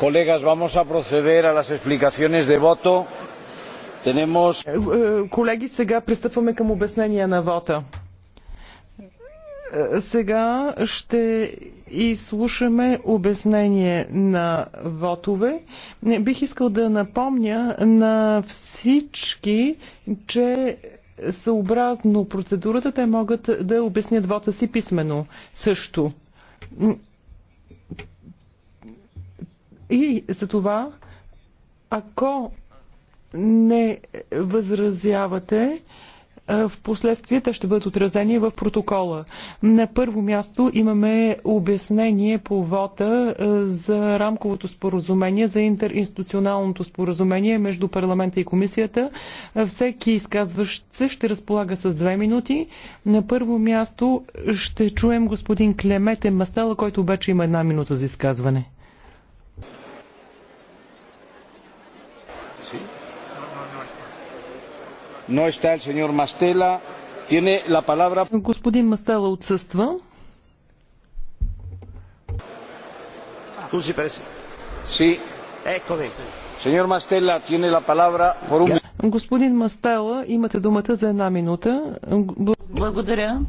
Колегас, ah, vamos a proceder a las explicaciones de voto. Tenemos... Е, е, колеги, сега пристъпваме към обяснения на вота. Е, сега ще изслушаме обяснение на вотове. Бих искал да напомня на всички, че съобразно процедурата те могат да обяснят вота си писменно също. И за това, ако не възразявате, е, в последствие те ще бъдат отразени в протокола. На първо място имаме обяснение по вота е, за рамковото споразумение, за интеринституционалното споразумение между парламента и комисията. Е, всеки изказващ се ще разполага с две минути. На първо място ще чуем господин Клемете Мастела, който обаче има една минута за изказване. No está el señor Mastela. Tiene la palabra. Господин Мастела отсъства. Scusi, Sì. Eccomi. Signor Mastella, tiene la palabra por un... Господин Мастела, имате думата за една минута. Благодаря.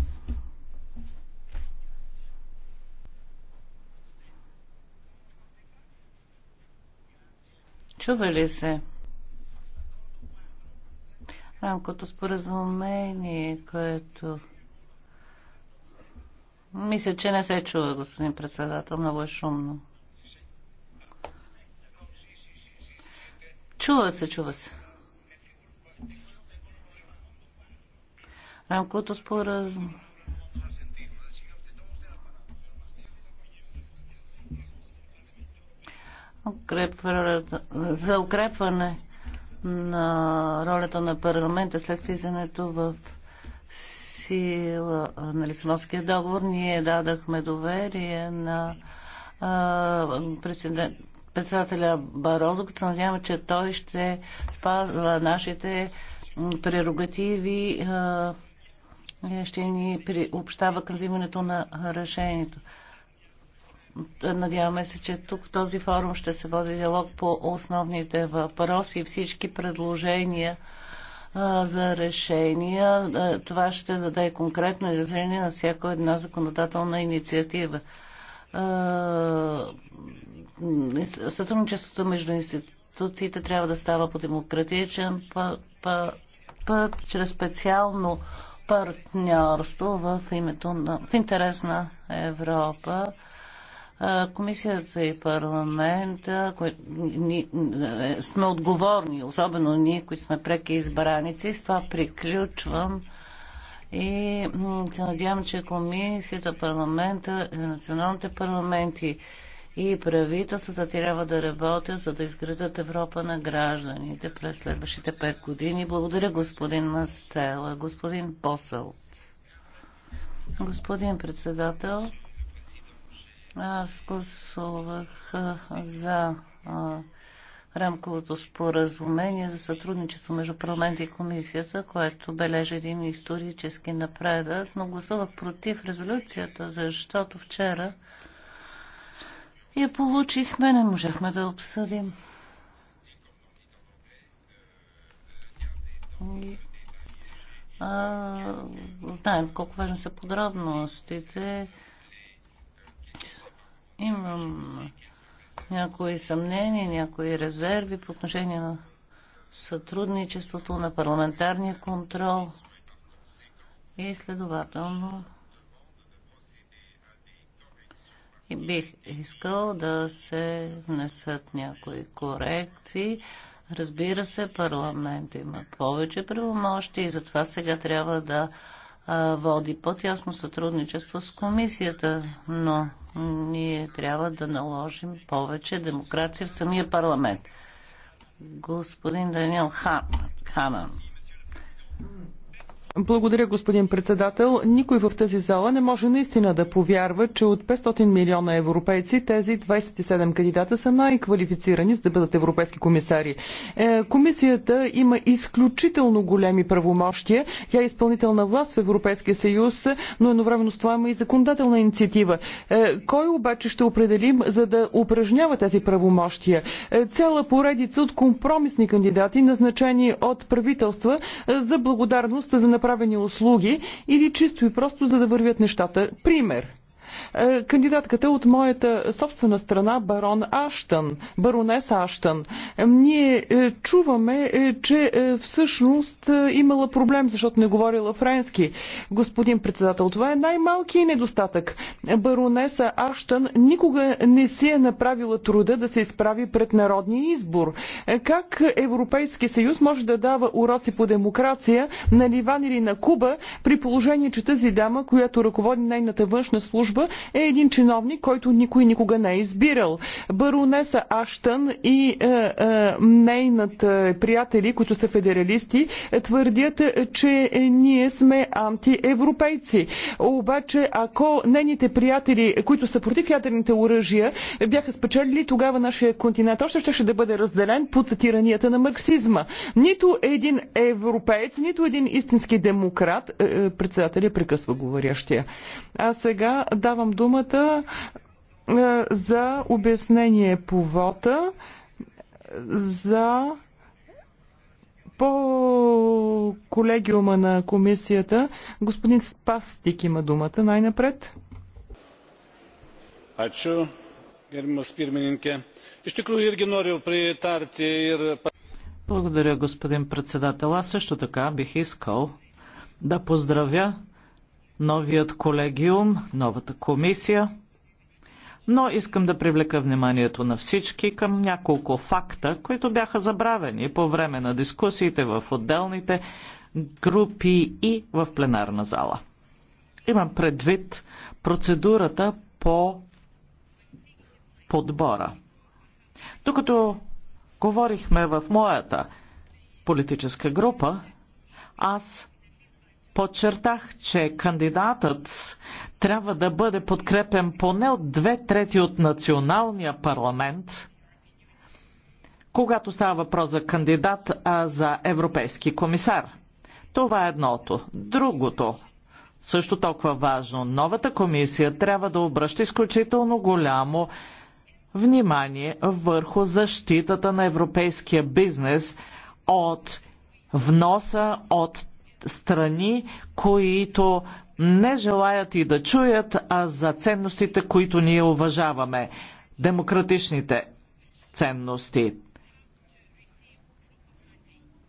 Чува ли се? рамкото споразумение, което... Мисля, че не се чува, господин председател. Много е шумно. Чува се, чува се. Рамкото споразумение. за укрепване на ролята на парламента след влизането в сила на Лисабонския договор, ние дадахме доверие на президент, председателя Барозо, като надяваме, че той ще спазва нашите прерогативи, ще ни приобщава към взимането на решението. Надяваме се, че тук в този форум ще се води диалог по основните въпроси и всички предложения а, за решения. Това ще даде конкретно изразение на всяко една законодателна инициатива. А, сътрудничеството между институциите трябва да става по демократичен път, път чрез специално партньорство в, името на, в интерес на Европа. Комисията и парламента е, сме отговорни, особено ние, които сме преки избраници. С това приключвам и се надявам, че комисията, парламента, е, националните парламенти и правителствата трябва да работят, за да изградат Европа на гражданите през следващите пет години. Благодаря господин Мастела, господин Посълт. Господин председател, аз гласувах за рамковото споразумение за сътрудничество между парламент и комисията, което бележи един исторически напредък, но гласувах против резолюцията, защото вчера я получихме, не можехме да обсъдим. И, а, знаем колко важни са подробностите. Имам някои съмнения, някои резерви по отношение на сътрудничеството, на парламентарния контрол и следователно и бих искал да се внесат някои корекции. Разбира се, парламент има повече правомощи и затова сега трябва да води по-тясно сътрудничество с комисията, но ние трябва да наложим повече демокрация в самия парламент. Господин Даниел Хан, Ханан. Благодаря, господин председател. Никой в тази зала не може наистина да повярва, че от 500 милиона европейци тези 27 кандидата са най-квалифицирани за да бъдат европейски комисари. Е, комисията има изключително големи правомощия. Тя е изпълнителна власт в Европейския съюз, но едновременно с това има и законодателна инициатива. Е, кой обаче ще определим, за да упражнява тези правомощия? Е, цяла поредица от компромисни кандидати, назначени от правителства за благодарност за направени услуги или чисто и просто за да вървят нещата. Пример – е, кандидатката от моята собствена страна, барон Аштън, баронес Аштън. Е, ние е, чуваме, че всъщност имала проблем, защото не говорила френски. Господин председател, това е най-малкият недостатък. Баронеса Аштън никога не си е направила труда да се изправи пред народния избор. Как Европейски съюз може да дава уроци по демокрация на Ливан или на Куба, при положение, че тази дама, която ръководи нейната външна служба, Европа е един чиновник, който никой никога не е избирал. Баронеса Аштън и е, е, нейната приятели, които са федералисти, твърдят, че ние сме антиевропейци. Обаче, ако нейните приятели, които са против ядрените оръжия, бяха спечелили, тогава нашия континент още ще, ще да бъде разделен под тиранията на марксизма. Нито един европеец, нито един истински демократ, е, е, председателя прекъсва говорящия. А сега да давам думата е, за обяснение по вота за по колегиума на комисията. Господин Спастик има думата най-напред. Ačiū, gerbimas pirmininkė. Iš tikrųjų irgi noriu pritarti ir. Благодаря, господин председател. Аз също така бих искал да поздравя новият колегиум, новата комисия, но искам да привлека вниманието на всички към няколко факта, които бяха забравени по време на дискусиите в отделните групи и в пленарна зала. Имам предвид процедурата по подбора. Докато говорихме в моята политическа група, аз Подчертах, че кандидатът трябва да бъде подкрепен поне от две трети от националния парламент, когато става въпрос за кандидат а за европейски комисар. Това е едното. Другото, също толкова важно, новата комисия трябва да обръща изключително голямо внимание върху защитата на европейския бизнес от вноса от страни, които не желаят и да чуят а за ценностите, които ние уважаваме. Демократичните ценности.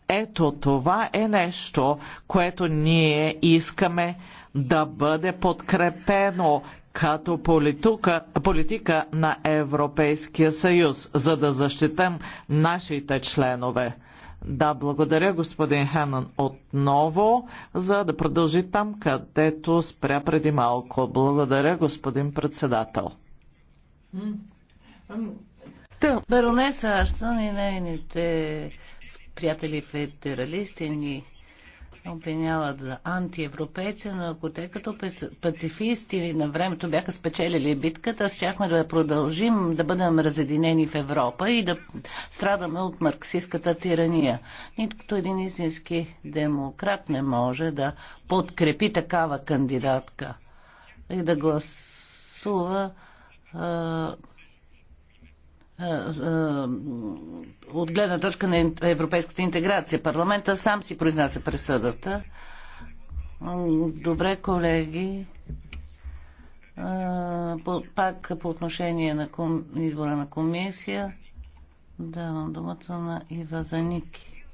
Ето това е нещо, което ние искаме да бъде подкрепено като политика, политика на Европейския съюз, за да защитам нашите членове. Да, благодаря господин Ханан отново, за да продължи там, където спря преди малко. Благодаря господин председател. Беронеса, Аштън и нейните приятели федералисти ни обвиняват за антиевропейци, но ако те като пацифисти на времето бяха спечелили битката, щяхме да продължим да бъдем разединени в Европа и да страдаме от марксистската тирания. Нито един истински демократ не може да подкрепи такава кандидатка и да гласува от гледна точка на европейската интеграция. Парламента сам си произнася присъдата. Добре, колеги. Пак по отношение на избора на комисия давам думата на Ива Заники.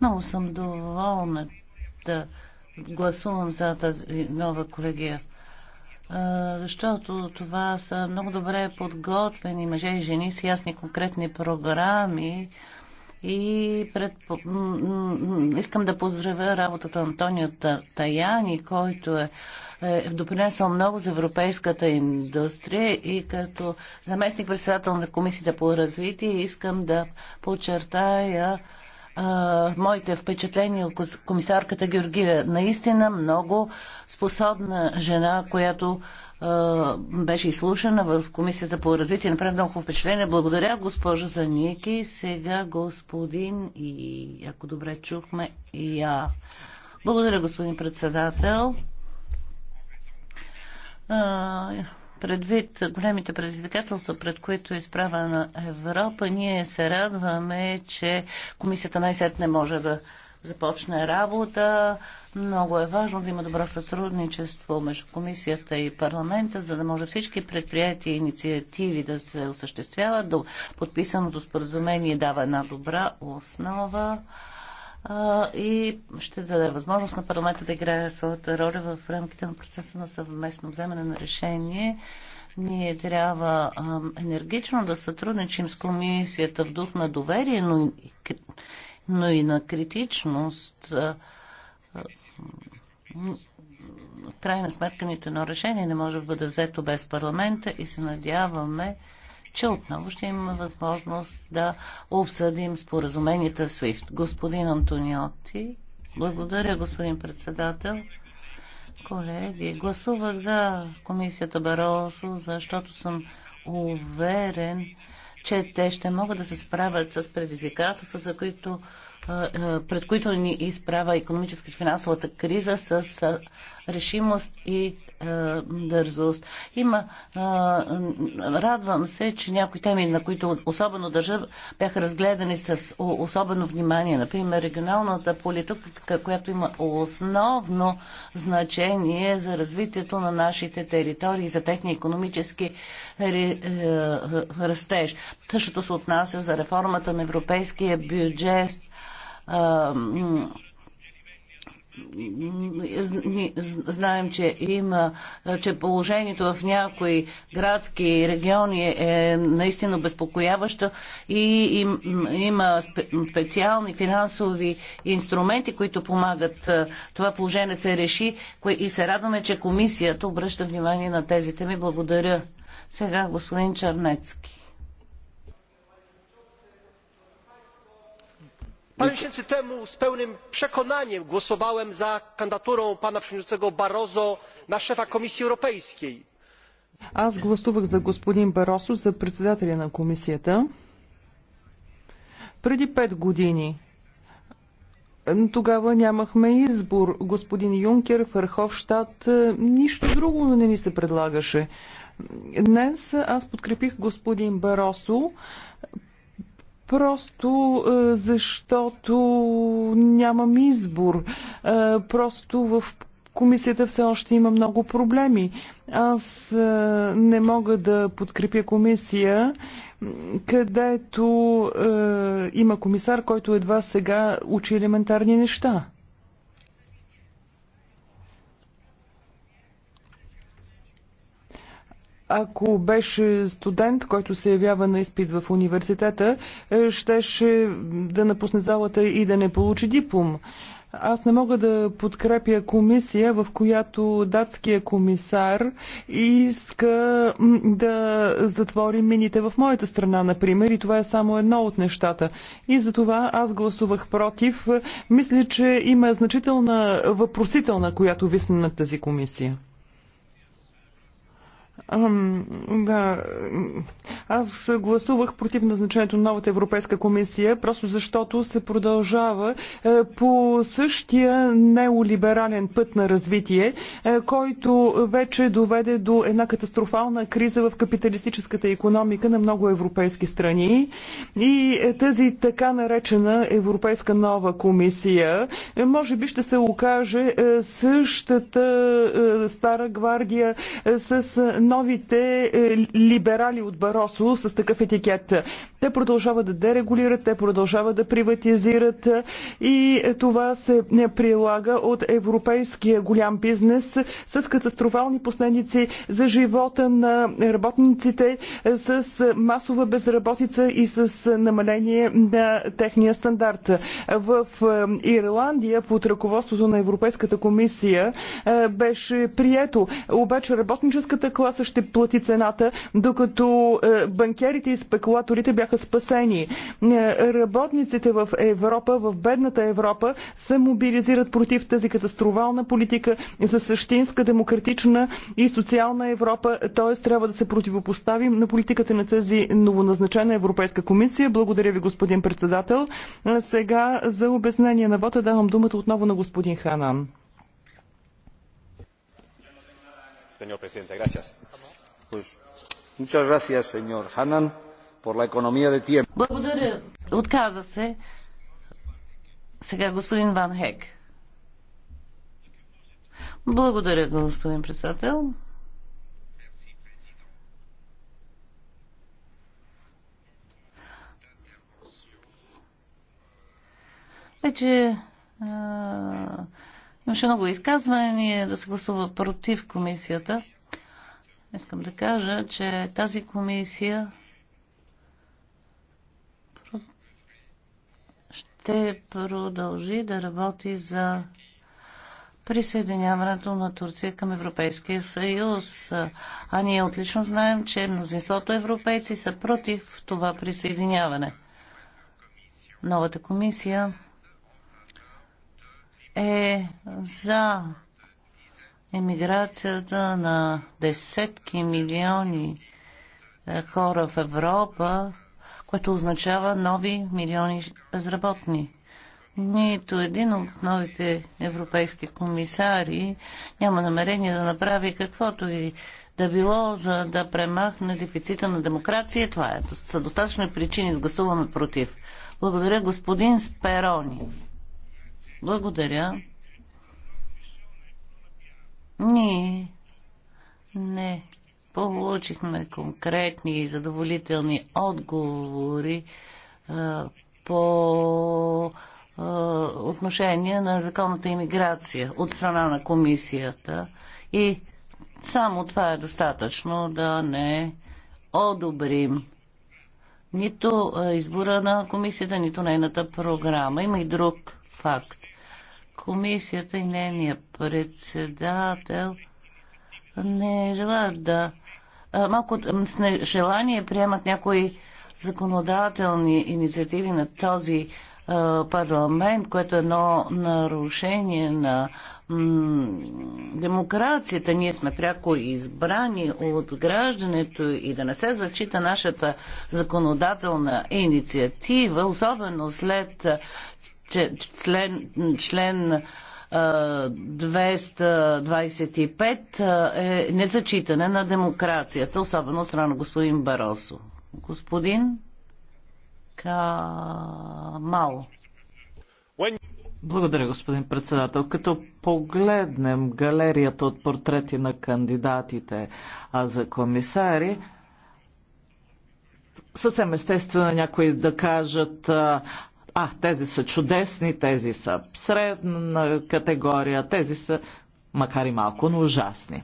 Много съм доволна да гласувам за тази нова колегия защото това са много добре подготвени мъже и жени с ясни конкретни програми. И пред... искам да поздравя работата на Антонио Таяни, който е, е, е допринесъл много за европейската индустрия и като заместник председател на Комисията по развитие искам да подчертая а, моите впечатления от комисарката Георгиева. Наистина много способна жена, която а, беше изслушана в Комисията по развитие. Направи много впечатление. Благодаря, госпожа Заники. Сега господин и, ако добре чухме, и я. Благодаря, господин председател. А, Предвид големите предизвикателства, пред които е изправена Европа, ние се радваме, че комисията най-сетне може да започне работа. Много е важно да има добро сътрудничество между комисията и парламента, за да може всички предприятия и инициативи да се осъществяват. До подписаното споразумение дава една добра основа а, и ще даде възможност на парламента да играе своята роля в рамките на процеса на съвместно вземане на решение. Ние трябва а, енергично да сътрудничим с комисията в дух на доверие, но и, но и на критичност. А, а, в крайна сметка нито едно решение не може да бъде взето без парламента и се надяваме, че отново ще имаме възможност да обсъдим споразуменията с SWIFT. Господин Антониоти, благодаря, господин председател. Колеги, гласувах за комисията Баросо, защото съм уверен, че те ще могат да се справят с предизвикателствата, които, пред които ни изправя економическа и финансовата криза с решимост и е, дързост. Има, е, радвам се, че някои теми, на които особено държа, бяха разгледани с особено внимание. Например, регионалната политика, която има основно значение за развитието на нашите територии, за техния економически е, растеж. Същото се отнася за реформата на европейския бюджет знаем, че има, че положението в някои градски региони е наистина безпокояващо и им, има специални финансови инструменти, които помагат това положение се реши и се радваме, че комисията обръща внимание на тези теми. Благодаря. Сега господин Чернецки. parę miesięcy temu z pełnym przekonaniem głosowałem za kandydaturą pana przewodniczącego barroso na szefa komisji europejskiej. Аз гласувах за господин Баросо за председателя на комисията преди пет години. Тогава нямахме избор. Господин Юнкер, Ферховщад, нищо друго не ни се предлагаше. Днес аз подкрепих господин Баросо Просто е, защото нямам избор. Е, просто в комисията все още има много проблеми. Аз е, не мога да подкрепя комисия, където има комисар, който едва сега учи елементарни неща. ако беше студент, който се явява на изпит в университета, е, щеше да напусне залата и да не получи диплом. Аз не мога да подкрепя комисия, в която датския комисар иска да затвори мините в моята страна, например, и това е само едно от нещата. И за това аз гласувах против. Мисля, че има значителна въпросителна, която висне на тази комисия. Да, аз гласувах против назначението на новата Европейска комисия, просто защото се продължава е, по същия неолиберален път на развитие, е, който вече доведе до една катастрофална криза в капиталистическата економика на много европейски страни. И е, тази така наречена Европейска нова комисия може би ще се окаже същата стара гвардия с новите е, либерали от Баросо с такъв етикет. Те продължават да дерегулират, те продължават да приватизират е, и е, това се прилага от европейския голям бизнес с катастрофални последици за живота на работниците, с масова безработица и с намаление на техния стандарт. В Ирландия под ръководството на Европейската комисия беше прието, обаче работническата класа класа ще плати цената, докато е, банкерите и спекулаторите бяха спасени. Е, работниците в Европа, в бедната Европа, се мобилизират против тази катастрофална политика за същинска, демократична и социална Европа. Т.е. трябва да се противопоставим на политиката на тази новоназначена Европейска комисия. Благодаря ви, господин председател. Е, сега за обяснение на вота давам думата отново на господин Ханан. señor presidente. Gracias. muchas gracias, señor Hannan, por la economía de tiempo. Благодаря. Отказа се. Сега господин Ван Хек. Благодаря, господин председател. Вече а, Имаше много изказвания да се гласува против комисията. Искам да кажа, че тази комисия ще продължи да работи за присъединяването на Турция към Европейския съюз. А ние отлично знаем, че мнозинството европейци са против това присъединяване. Новата комисия е за емиграцията на десетки милиони е, хора в Европа, което означава нови милиони безработни. Нито един от новите европейски комисари няма намерение да направи каквото и да било, за да премахне дефицита на демокрация. Това е, са достатъчно причини да гласуваме против. Благодаря господин Сперони. Благодаря. Ние не получихме конкретни и задоволителни отговори а, по а, отношение на законната иммиграция от страна на комисията и само това е достатъчно да не одобрим нито избора на комисията, нито нейната програма. Има и друг факт комисията и нейният председател не желаят да. Малко с нежелание приемат някои законодателни инициативи на този парламент, което е едно нарушение на демокрацията. Ние сме пряко избрани от граждането и да не се зачита нашата законодателна инициатива, особено след член, член 225 е незачитане на демокрацията, особено страна господин Баросо. Господин Камал. Благодаря, господин председател. Като погледнем галерията от портрети на кандидатите а за комисари, съвсем естествено е някои да кажат а, а, тези са чудесни, тези са средна категория, тези са макар и малко, но ужасни.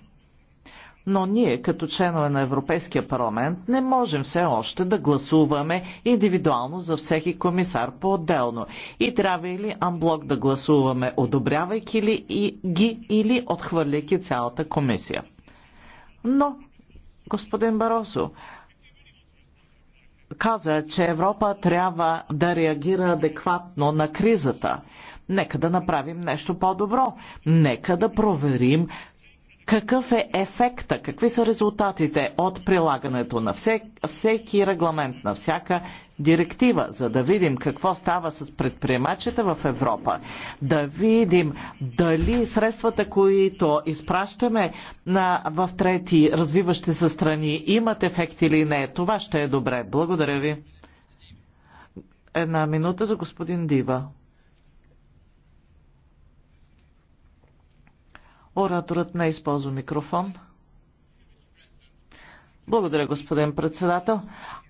Но ние, като членове на Европейския парламент, не можем все още да гласуваме индивидуално за всеки комисар по-отделно. И трябва или амблок да гласуваме, одобрявайки ли и ги или отхвърляйки цялата комисия. Но, господин Баросо, каза, че Европа трябва да реагира адекватно на кризата. Нека да направим нещо по-добро. Нека да проверим какъв е ефекта, какви са резултатите от прилагането на всек, всеки регламент, на всяка директива, за да видим какво става с предприемачите в Европа, да видим дали средствата, които изпращаме на, в трети развиващи се страни, имат ефект или не. Това ще е добре. Благодаря ви. Една минута за господин Дива. Ораторът не използва микрофон. Благодаря, господин председател.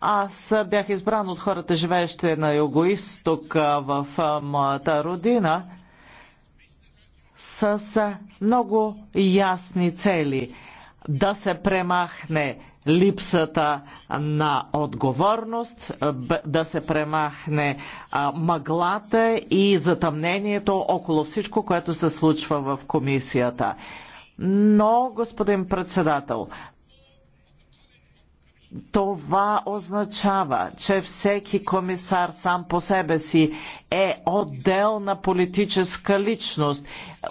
Аз бях избран от хората, живеещи на юго тук в моята родина, с много ясни цели. Да се премахне липсата на отговорност, да се премахне мъглата и затъмнението около всичко, което се случва в комисията. Но, господин председател, това означава, че всеки комисар сам по себе си е отделна политическа личност,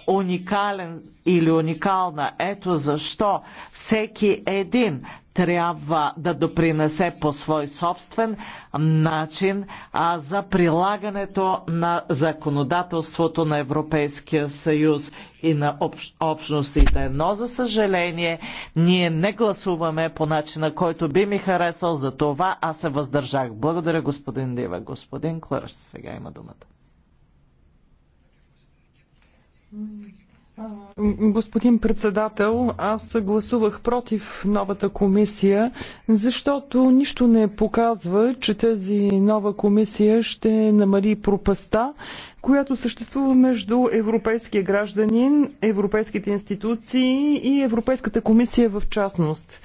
уникален или уникална. Ето защо всеки един трябва да допринесе по свой собствен начин а за прилагането на законодателството на Европейския съюз и на общ, общностите. Но, за съжаление, ние не гласуваме по начина, който би ми харесал, за това аз се въздържах. Благодаря, господин Дива. Господин Клърс, сега има думата. Господин председател, аз гласувах против новата комисия, защото нищо не показва, че тази нова комисия ще намали пропаста, която съществува между европейския гражданин, европейските институции и Европейската комисия в частност.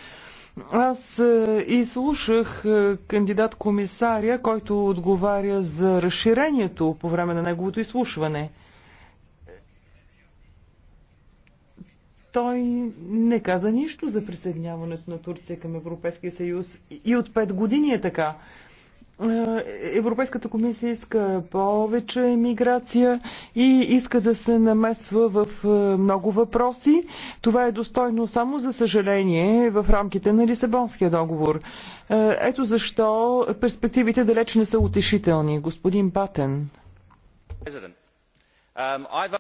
Аз е, и слушах е, кандидат комисаря, който отговаря за разширението по време на неговото изслушване – Той не каза нищо за присъединяването на Турция към Европейския съюз и от пет години е така. Е, Европейската комисия иска повече миграция и иска да се намесва в е, много въпроси. Това е достойно само за съжаление в рамките на Лисабонския договор. Е, ето защо перспективите далеч не са утешителни. Господин Патен.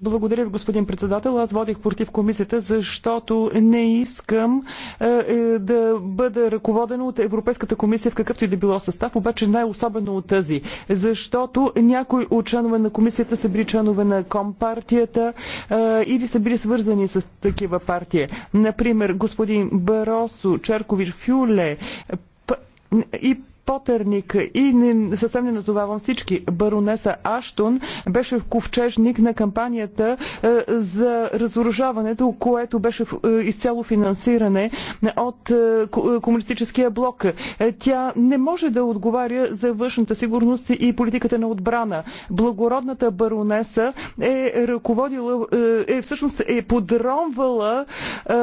Благодаря ви, господин председател. Аз водих против комисията, защото не искам е, е да бъда ръководена от Европейската комисия в какъвто и да било състав, обаче най-особено от тази, защото някои от членове на комисията са били членове на компартията е, или са били свързани с такива партии. Например, господин Баросо, Черкович, Фюле и Потърник и не, съвсем не назовавам всички. Баронеса Аштон беше ковчежник на кампанията е, за разоръжаването, което беше е, изцяло финансиране от е, е, комунистическия блок. Е, тя не може да отговаря за външната сигурност и политиката на отбрана. Благородната баронеса е ръководила, е, е всъщност е подромвала е, е,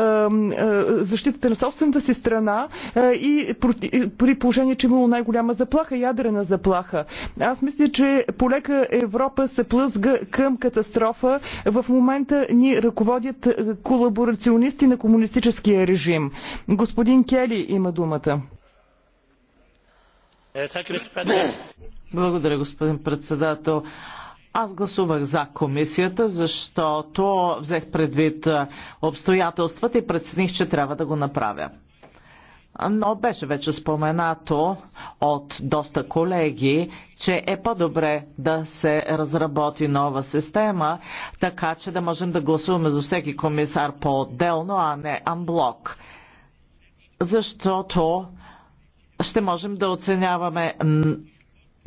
е, защитата на собствената си страна е, и при положение, че е имало най-голяма заплаха, ядрена заплаха. Аз мисля, че полека Европа се плъзга към катастрофа. В момента ни ръководят е, колаборационисти на комунистическия режим. Господин Кели има думата. Е, Благодаря, господин председател. Аз гласувах за комисията, защото взех предвид обстоятелствата и прецених, че трябва да го направя но беше вече споменато от доста колеги, че е по-добре да се разработи нова система, така че да можем да гласуваме за всеки комисар по-отделно, а не амблок. Защото ще можем да оценяваме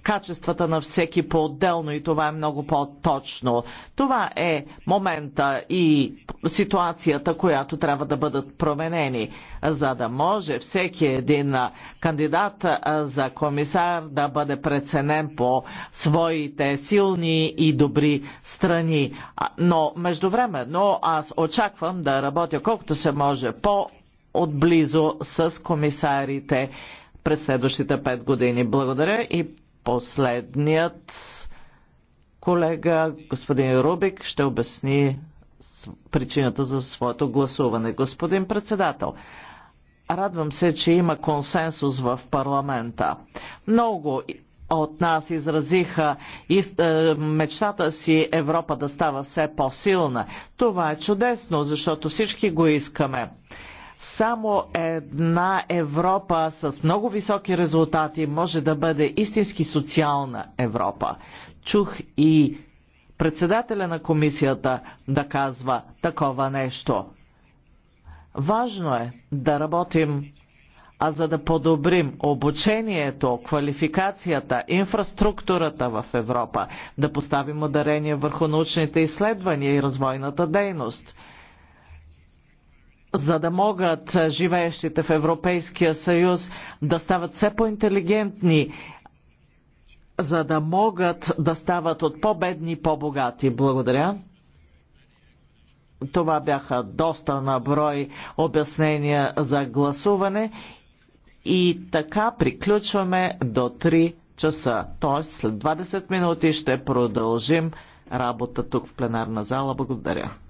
качествата на всеки по-отделно и това е много по-точно. Това е момента и ситуацията, която трябва да бъдат променени, за да може всеки един кандидат за комисар да бъде преценен по своите силни и добри страни. Но междувременно аз очаквам да работя колкото се може по отблизо с комисарите през следващите пет години. Благодаря и Последният колега, господин Рубик, ще обясни причината за своето гласуване. Господин председател, радвам се, че има консенсус в парламента. Много от нас изразиха из, е, мечтата си Европа да става все по-силна. Това е чудесно, защото всички го искаме. Само една Европа с много високи резултати може да бъде истински социална Европа. Чух и председателя на комисията да казва такова нещо. Важно е да работим а за да подобрим обучението, квалификацията, инфраструктурата в Европа, да поставим ударение върху научните изследвания и развойната дейност – за да могат живеещите в Европейския съюз да стават все по-интелигентни, за да могат да стават от по-бедни по-богати. Благодаря. Това бяха доста наброй обяснения за гласуване и така приключваме до 3 часа. Тоест след 20 минути ще продължим работа тук в пленарна зала. Благодаря.